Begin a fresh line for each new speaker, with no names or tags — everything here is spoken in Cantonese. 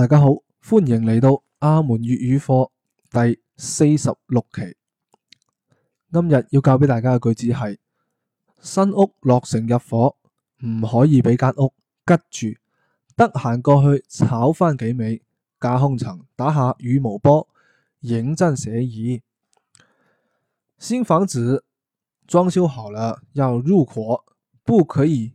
大家好，歡迎嚟到阿門粵語課第四十六期。今日要教俾大家嘅句子係：新屋落成入伙，唔可以俾間屋吉住，得閒過去炒翻幾味，架空層打下羽毛波，認真寫意。」新房子裝修好了要入伙，不可以。